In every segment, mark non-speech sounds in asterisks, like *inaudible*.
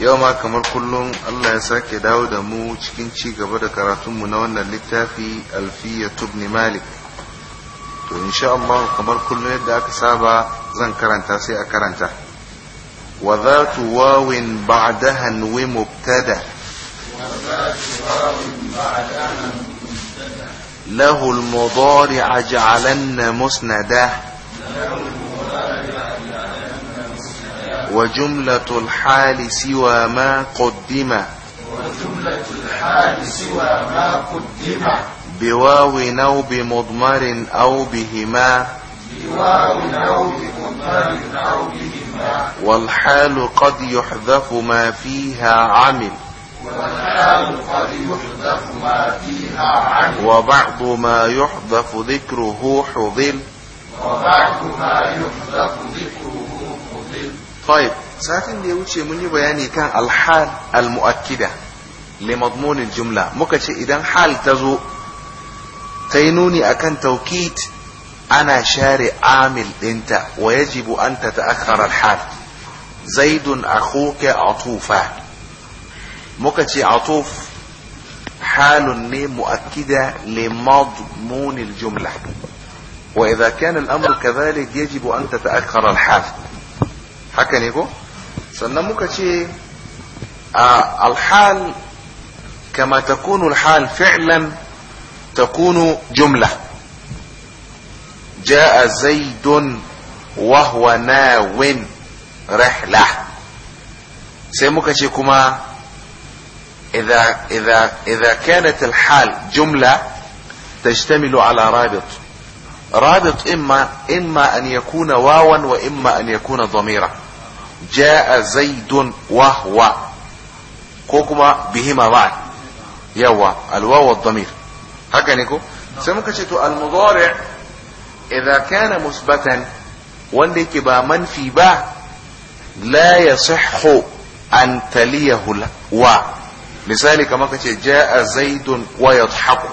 yau ma kamar kullum Allah ya sake dawo da mu cikin ci gaba da karatunmu na wannan littafi alfiya tubni malik to insha Allah kamar kullum yadda aka saba zan karanta sai a karanta wa dhatu wawin ba'daha wa mubtada له المضارع جعلن na musnada. وجملة الحال سوى ما قدم وجملة الحال سوى ما قدم بواو أو بمضمر أو بهما بواو أو بمضمر أو بهما والحال قد يحذف ما فيها عمل والحال قد يحذف ما فيها عمل وبعض ما يحذف ذكره حضل وبعض ما يحذف ذكره طيب ساعتين دي وچه مني بياني كان الحال المؤكدة لمضمون الجملة مكتش إذا حال تزو تينوني أكن توكيت أنا شاري عامل انت ويجب أن تتأخر الحال زيد أخوك عطوفا مكتش عطوف حال مؤكدة لمضمون الجملة وإذا كان الأمر كذلك يجب أن تتأخر الحال haka ne ko sannan muka ce a alhal kama ta kunu alhal fi'lan ta kunu jumla ja a جاء زيد وهو ناو رحلة سيمك شيكما إذا, إذا, إذا كانت الحال جملة تشتمل على رابط رابط إما, إما أن يكون واوا وإما أن يكون ضميرا ja'a zaidun wahwa ko kuma bihima ma'an yawa alwawa damir haka ne ko sai muka ce to almudari idan kana musbatan wanda yake ba manfi ba la yasihhu an taliyahu wa misali kamar ka ce ja'a zaidun wa yadhaku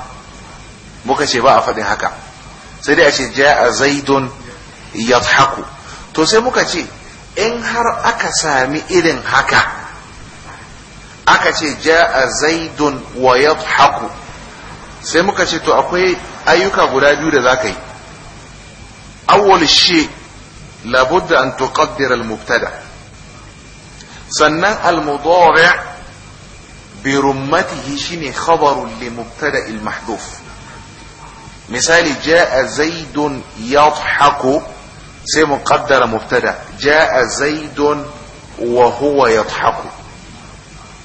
muka ce ba a faɗin haka sai dai a ce ja'a zaidun yadhaku to sai muka ce in har aka sami irin haka aka ce ja'a zaidun wa haku, sai muka ce to akwai ayyuka guda biyu da zaka yi awwal shi labudda an tuqaddira al-mubtada sannan al-mudari' bi rummatihi shine khabaru li mubtada al-mahdhuf misali ja'a zaidun yadhaku sai mu qaddara mubtada jaa zaidun wa huwa yadhaku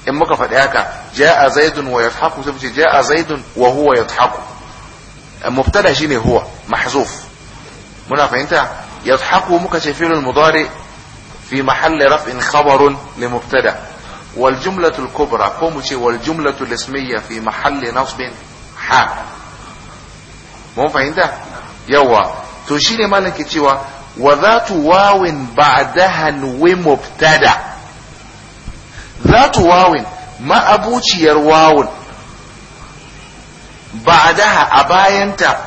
in muka faɗi haka jaa zaidun wa yadhaku sai mu ce jaa zaidun wa huwa yadhaku mubtada shine huwa mahzuf muna fahimta yadhaku muka ce fi'il mudari fi mahalli raf'in khabarun li mubtada wal jumlatul kubra ko mu ce wal jumlatul fi ha mun fahimta yawa to shine malam cewa وذات واو بعدها ومبتدا ذات واو ما ابوتي واو بعدها اباينتا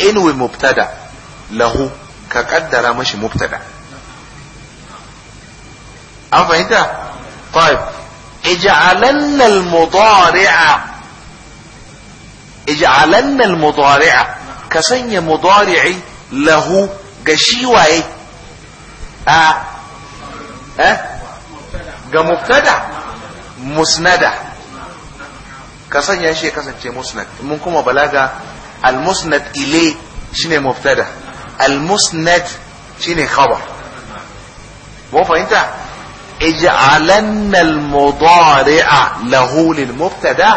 ان ومبتدا له كقدر مش مبتدا انت طيب اجعلن المضارع اجعلن المضارع كسن مضارعي له ga shi waye a eh? ga muftada musnada ka sanya shi ya kasance musnad mun kuma balaga al-musnad ile shine muftada al-musnad shine khabar mun fahimta اجعلن المضارع له للمبتدا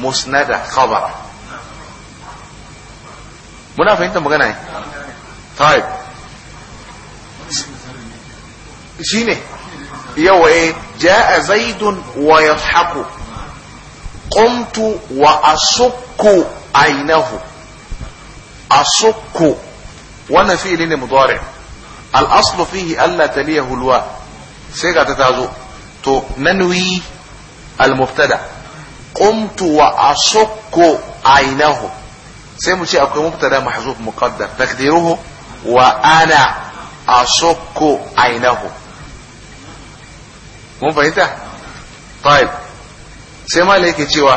musnada خبرا muna fahimta magana ne طيب شينه يو ايه جاء زيد ويضحك قمت واشك عينه اشك وانا فيه لين مضارع الأصل فيه ألا تليه الواء سيجا تتعزو تو ننوي المبتدا قمت واشك عينه سيمشي أكو مبتدا محذوف مقدر تقديره wa ana asukku ainihu mun fahimta طيب sai malai yake cewa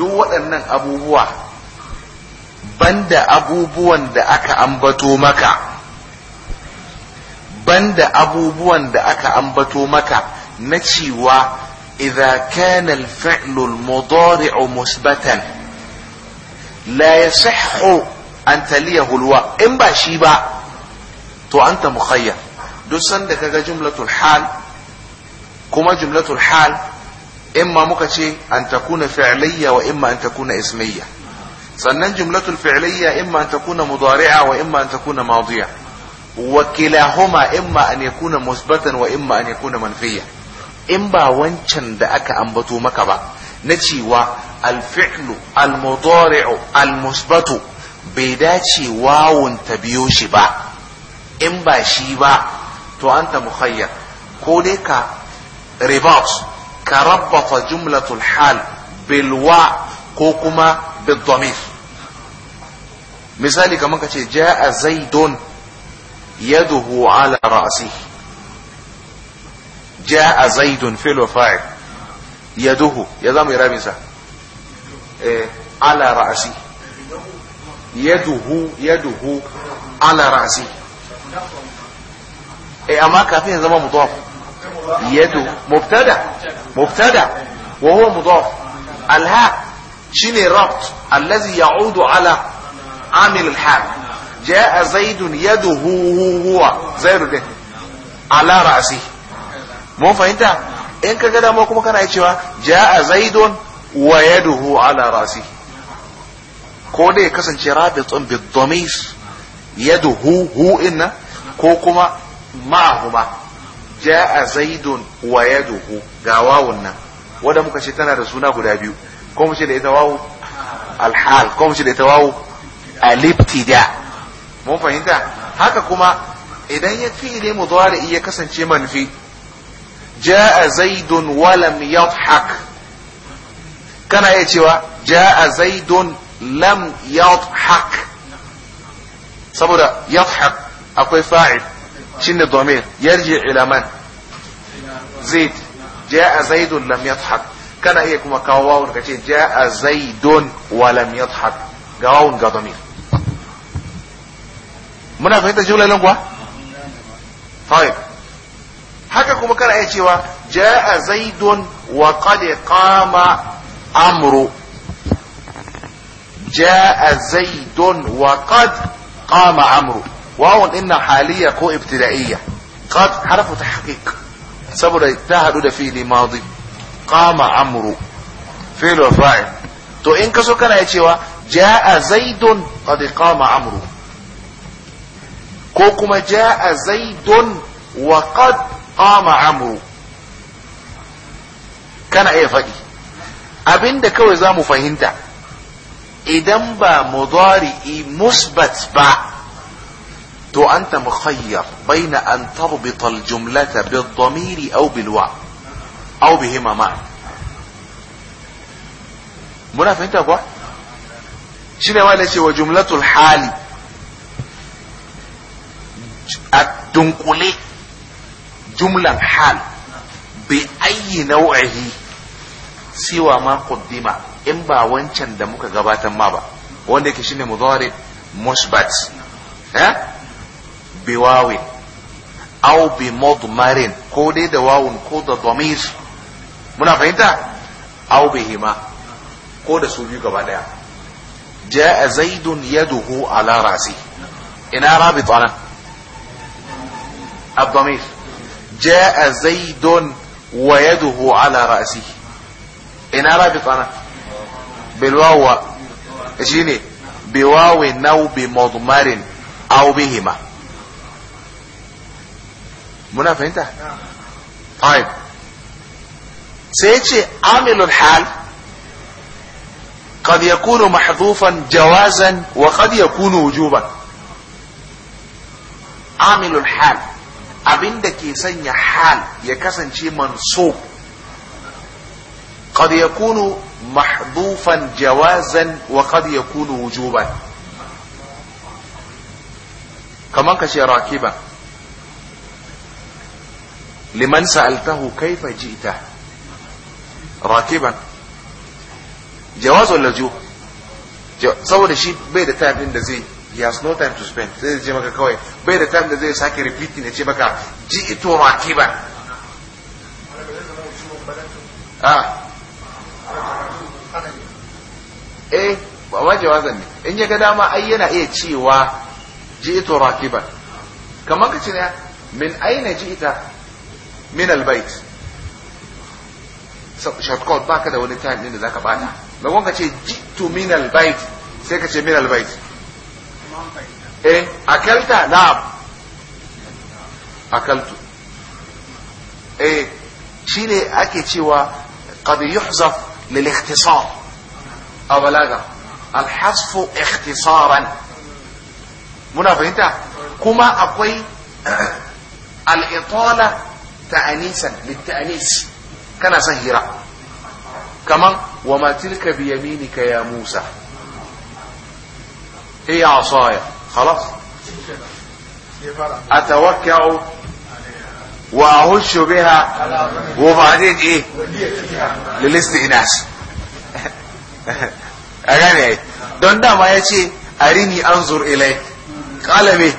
duk waɗannan abubuwa banda abubuwan da aka ambato maka banda abubuwan da aka ambato maka na cewa idza kana al-fi'lu al-mudari'u musbatan la yasihhu an taliya hulwa in ba shi ba to an anta mukhayyar duk sanda kaga jumlatul hal kuma jumlatul hal imma muka ce an ta kuna fi'liyya wa imma an takuna ismiya. sannan jumlatul fi'liyya imma an takuna mudari'a wa imma an takuna madiya wa kilahuma imma an yakuna musbatan wa imma an yakuna manfiya in ba wancan da aka ambato maka ba na cewa al-fi'lu al-mudari'u al-musbatu bai dace wawun ta biyo shi ba in ba shi ba to an ta muhayyar ko dai ka ribat ka rabbata jumlatul hal bilwa ko kuma bidomir misali kamar ka ce ja'a zaidun yaduhu ala ra'si ja'a zaidun fil fa'il yaduhu ya zama irabinsa eh ala ra'si yaduhu yaduhu ala rasi eh amma kafin ya zama mudaf yadu mubtada mubtada wa huwa mudaf alha shine rabt allazi ya'udu ala amil alhal jaa zaidun yaduhu huwa zaidu din ala rasi mun fahimta in ka ga dama kuma kana cewa jaa zaidun wa yaduhu ala rasi ko dai kasance rabitun bidomis yadda hu hu inna ko kuma ma'ahuma ja'a zaidun wa hu ga wawun nan wanda muka ce tana da suna guda biyu ko mu ce da ita wawu alhal ko mu ce da ita wawu alibtida mun fahimta haka kuma idan ya fi'ile da iya kasance manfi ja'a zaidun wa lam yadhhak kana iya cewa ja'a zaidun lam yadhak saboda yadhak akwai fa'il shine domir yarji ila man zaid jaa zaidun lam yadhak kana iya kuma kawo wawun ka ce jaa zaidun wa lam yadhak ga wawun ga domir muna fahimta jumlar nan kuwa طيب haka kuma kana iya cewa jaa zaidun wa qad qama amru جاء زيد وقد قام عمرو واو ان حاليه كو ابتدائيه قد حرف تحقيق saboda ta hadu da fili madi qama amru fi'l wa fa'il to in so kana ya cewa jaa zaidun qad qama amru ko kuma jaa zaidun wa qad qama amru kana iya faɗi abinda kawai za mu fahimta idan ba mudari'i musbat ba to anta mukhayyar baina an tarbita al-jumlata bid-dhamiri aw bil-wa aw bihima ma'an muna fahimta kuwa shine ma ne cewa jumlatul hali a dunkule jumlan hal bi ayi nau'ihi siwa ma qaddima in ba wancan da muka gabatar ma ba wanda yake shine mudari musbat eh bi wawin aw bi mudmarin ko dai da wawun ko da dhamir muna fahimta aw bihima ko da su biyu gaba daya jaa zaidun yaduhu ala rasi ina rabit ana jaa zaidun wa yaduhu ala rasi Ina rabi أنا بالواو اجيني بواو نو بمضمر او بهما منى فهمت طيب سيتي عامل الحال قد يكون محذوفا جوازا وقد يكون وجوبا عامل الحال abin da ke sanya hal ya منصوب قد يكون mahdufan jawazan wa qad yakunu wujuban kaman ka ce rakiba liman sa'altahu kaifa ji'ta rakiban jawaz wala ju shi bai da time da zai he has no time to spend sai je maka kawai bai da time da zai sake repeating ya ce maka ji ito rakiban ah eh ba ma jawazan ne in ya ga dama ai yana iya cewa ji'tu rakiban kamar kace ne min aina ji'ta min albayt shortcut baka da wani time din da zaka bata ba ka ce ji'tu min albayt sai kace min albayt eh akalta na'am akaltu eh shine ake cewa qad yuhzaf lil ikhtisar أبلاغا الحصف اختصارا منافهنتا كما أقوي *clears throat* الإطالة تأنيسا للتأنيس كان سهرا كما وما تلك بيمينك يا موسى هي عصايا خلاص أتوكع وأهش بها وبعدين إيه للاستئناس *laughs* a gane ai don dama ya ce arini zur ilai kalame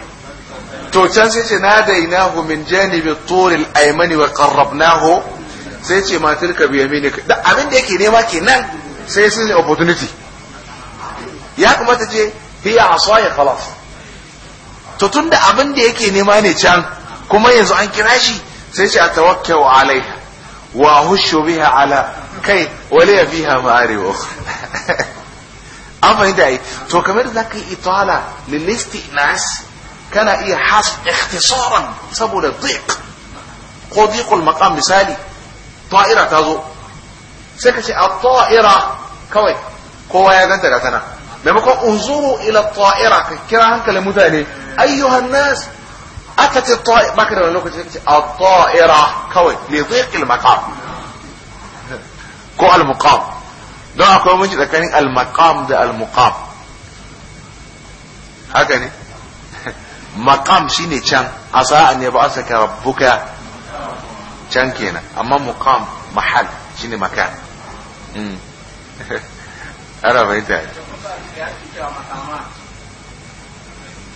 to can sai ce na hu min janibi turil aymani wa qarrabnahu sai ce matar ka biya mini da abin da yake nema kenan sai sun opportunity ya kamata ce hiya asaya khalas to tunda abin da yake nema ne can kuma yanzu an kira shi sai ce a tawakkau alaiha wa hushu biha ala kai waliya fiha ma'ari ukhra amma fahimta to kamar za ka itala lilisti nas kana iya has ikhtisaran saboda dhiq ko dhiqul maqam misali ta'ira tazo sai kace ce a ta'ira kawai kowa ya ganta ga tana maimakon unzuru ila ta'ira ka kira hankalin mutane ayyuhan nas atat ta'ira baka da wani lokaci sai ka ce ta'ira kawai li dhiqil maqam ko al-muqam don akwai mace tsakanin al-maqam da al-muqam haka ne maqam shine can asa an yaba asaka rabbuka can kenan amma muqam mahal shine makan mm ara bai ta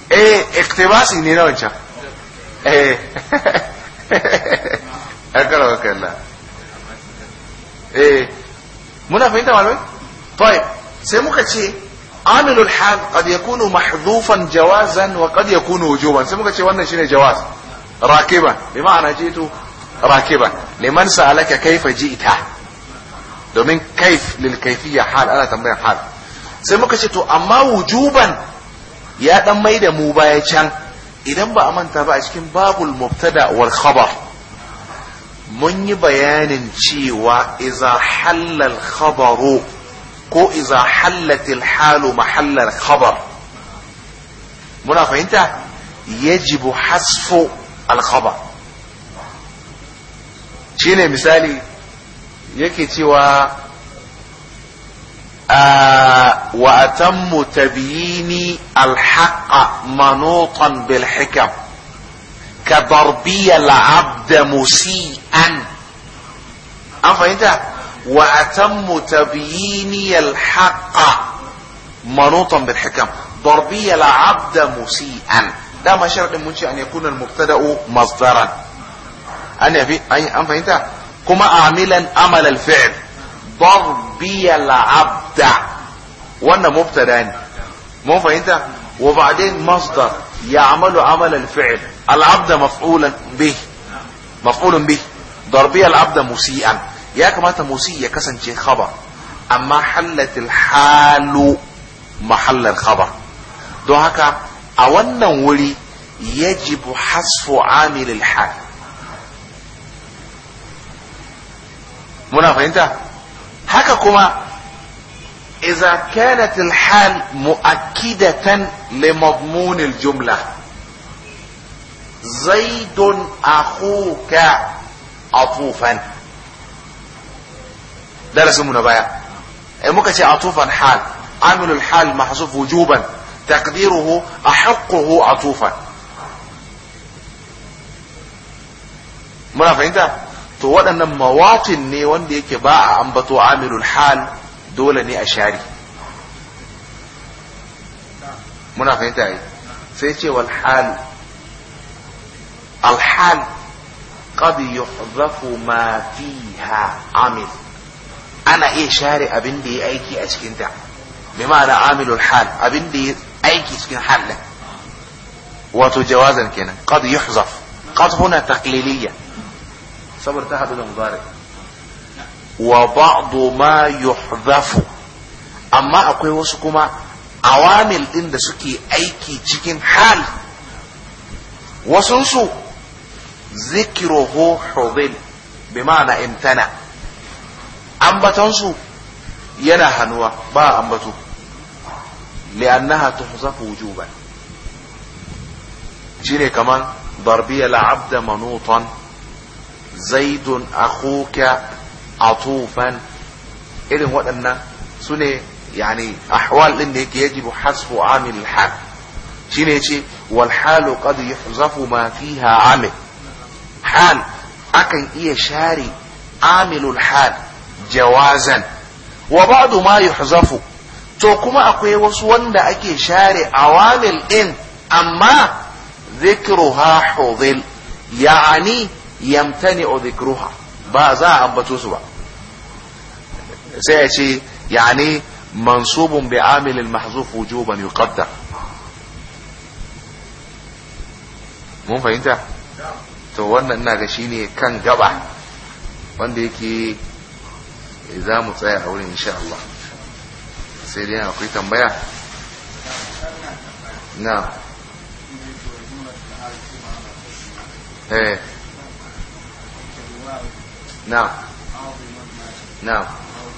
eh iktibasi ne na wancan eh akara wakalla eh muna fahimta malamai طيب sai muka ce amilul hal qad yakunu mahdhufan jawazan wa qad yakunu wujuban sai muka ce wannan shine jawaz rakiban bi ma'ana jitu rakiban liman sa'alaka kaifa ji'ta domin kaif lil hal ana tambayan hal sai muka ce to amma wujuban ya dan mai da mu baya can idan ba a manta ba a cikin babul mubtada wal khabar mun yi bayanin cewa iza hallal khabaru ko iza hallatil halu mahallar khabar muna fahimta yajibu hasfu alkhabar shi ne misali yake cewa wa atammu tabyini alhaqa manutan bil hikam كضربي العبد مسيئا أم فهمت وأتم تبييني الحق منوطا بالحكم ضربي العبد مسيئا لا ما شرط منشي أن يكون المبتدأ مصدرا أنا في أم فهمت كما أعملا أمل الفعل ضربي العبد وانا مبتدا مو فهمت وبعدين مصدر يعمل عمل الفعل العبد مفعولا به مفعول به ضربي العبد مسيئا يا كما مسيء كسنجي خبر أما حلت الحال محل الخبر دو هكا أولا ولي يجب حذف عامل الحال muna fahimta haka kuma اذا كانت الحال مؤكدة لمضمون الجملة زيد اخوك عطوفا ده لا بقى إيه، ممكن تي عطوفا حال عامل الحال محذوف وجوبا تقديره احقه عطوفا muna fahimta تو waɗannan مواطن ني وندي yake ba a ambato amilul دولة ني أشعري منافين تاعي سيتي والحال الحال قد يحذف ما فيها عامل أنا إيه شارع أبن دي أيكي أسكن تاع بمعنى عامل الحال أبن دي أيكي أسكن حال واتو جوازا كنا قد يحذف قد هنا تقليلية صبر تهدد مضارب wa ba'du ma yuhdafu amma akwai wasu kuma awamil din da suke aiki cikin hal wasunsu zikiroho hudil bi ma'ana imtana ambatansu yana hannuwa ba ambato li'annaha tuhzafu wujuban shine kaman darbiya la'abda manutan zaidun akhuka atufan irin waɗannan su ne yani ahwal ɗin da yake yajibu hasfu amil hal shine yace wal halu qad yuhzafu ma fiha amil hal akan iya share amilul hal jawazan wa ba'du ma yuhzafu to kuma akwai wasu wanda ake share awamil din amma dhikruha hudhil yani yamtani'u dhikruha ba za a ambato su ba sai ya ce yani mansubun bi amilin mahzuf wujuban yuqaddar mun fahimta to wannan ina ga ne kan gaba wanda yake za mu tsaya a wurin insha Allah sai dai akwai tambaya na eh. na na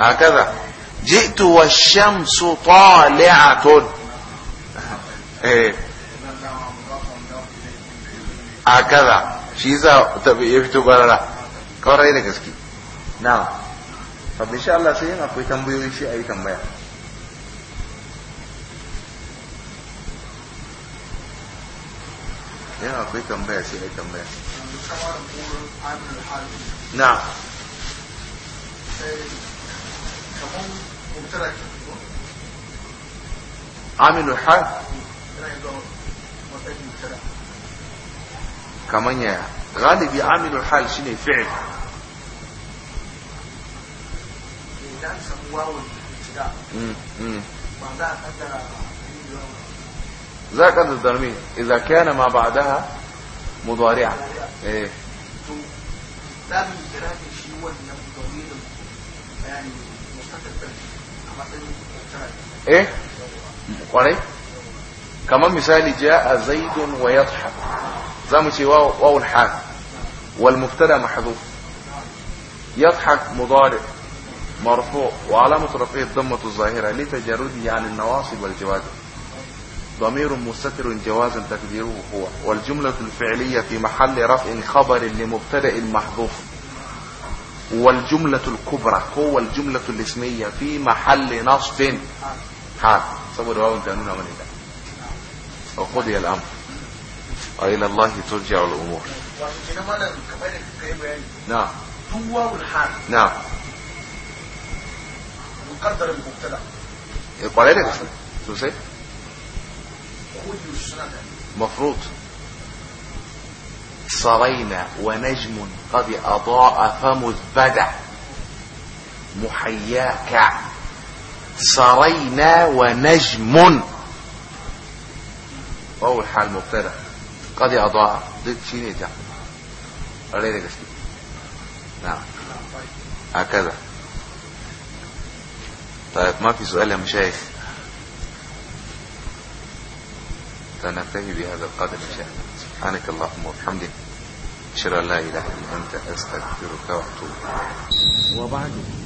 هكذا جئت والشمس طالعة *laughs* ايه هكذا shi za ta ya fito barara kawai da gaske na fadda insha Allah sai yin akwai tambayoyi shi ayi tambaya yin akwai tambaya sai a tambaya na فهم مبتلى عملوا حال كمان يا غالب عملوا حال شنو فعل ذاك الضمير اذا كان ما بعدها مضارعا ايه لازم الضمير يعني ايه kwarai كما مثال جاء زيد ويضحك yadhhak واو واو wawul والمبتدا محذوف يضحك مضارع مرفوع وعلامة رفعه الضمة الظاهرة لتجرده عن النواصب والجواز ضمير مستتر جواز تقديره هو والجملة الفعلية في محل رفع خبر لمبتدأ محذوف والجملة الكبرى هو الجملة الاسمية في محل نصب حال صبر واو القانون عمل ده وقضي الأمر وإلى الله ترجع الأمور نعم هو والحال نعم مقدر المبتدا ¿Cuál era? شو sé? Julio سرينا ونجم قد أضاء فمذ محياك سرينا ونجم أول حال مبتدا قد أضاء ضد شيني جا علينا نعم هكذا طيب ما في سؤال يا مشايخ سننتهي بهذا القدر ان شاء الله سبحانك اللهم وبحمدك أشهد أن لا إله إلا أنت أستغفرك وأتوب وبعد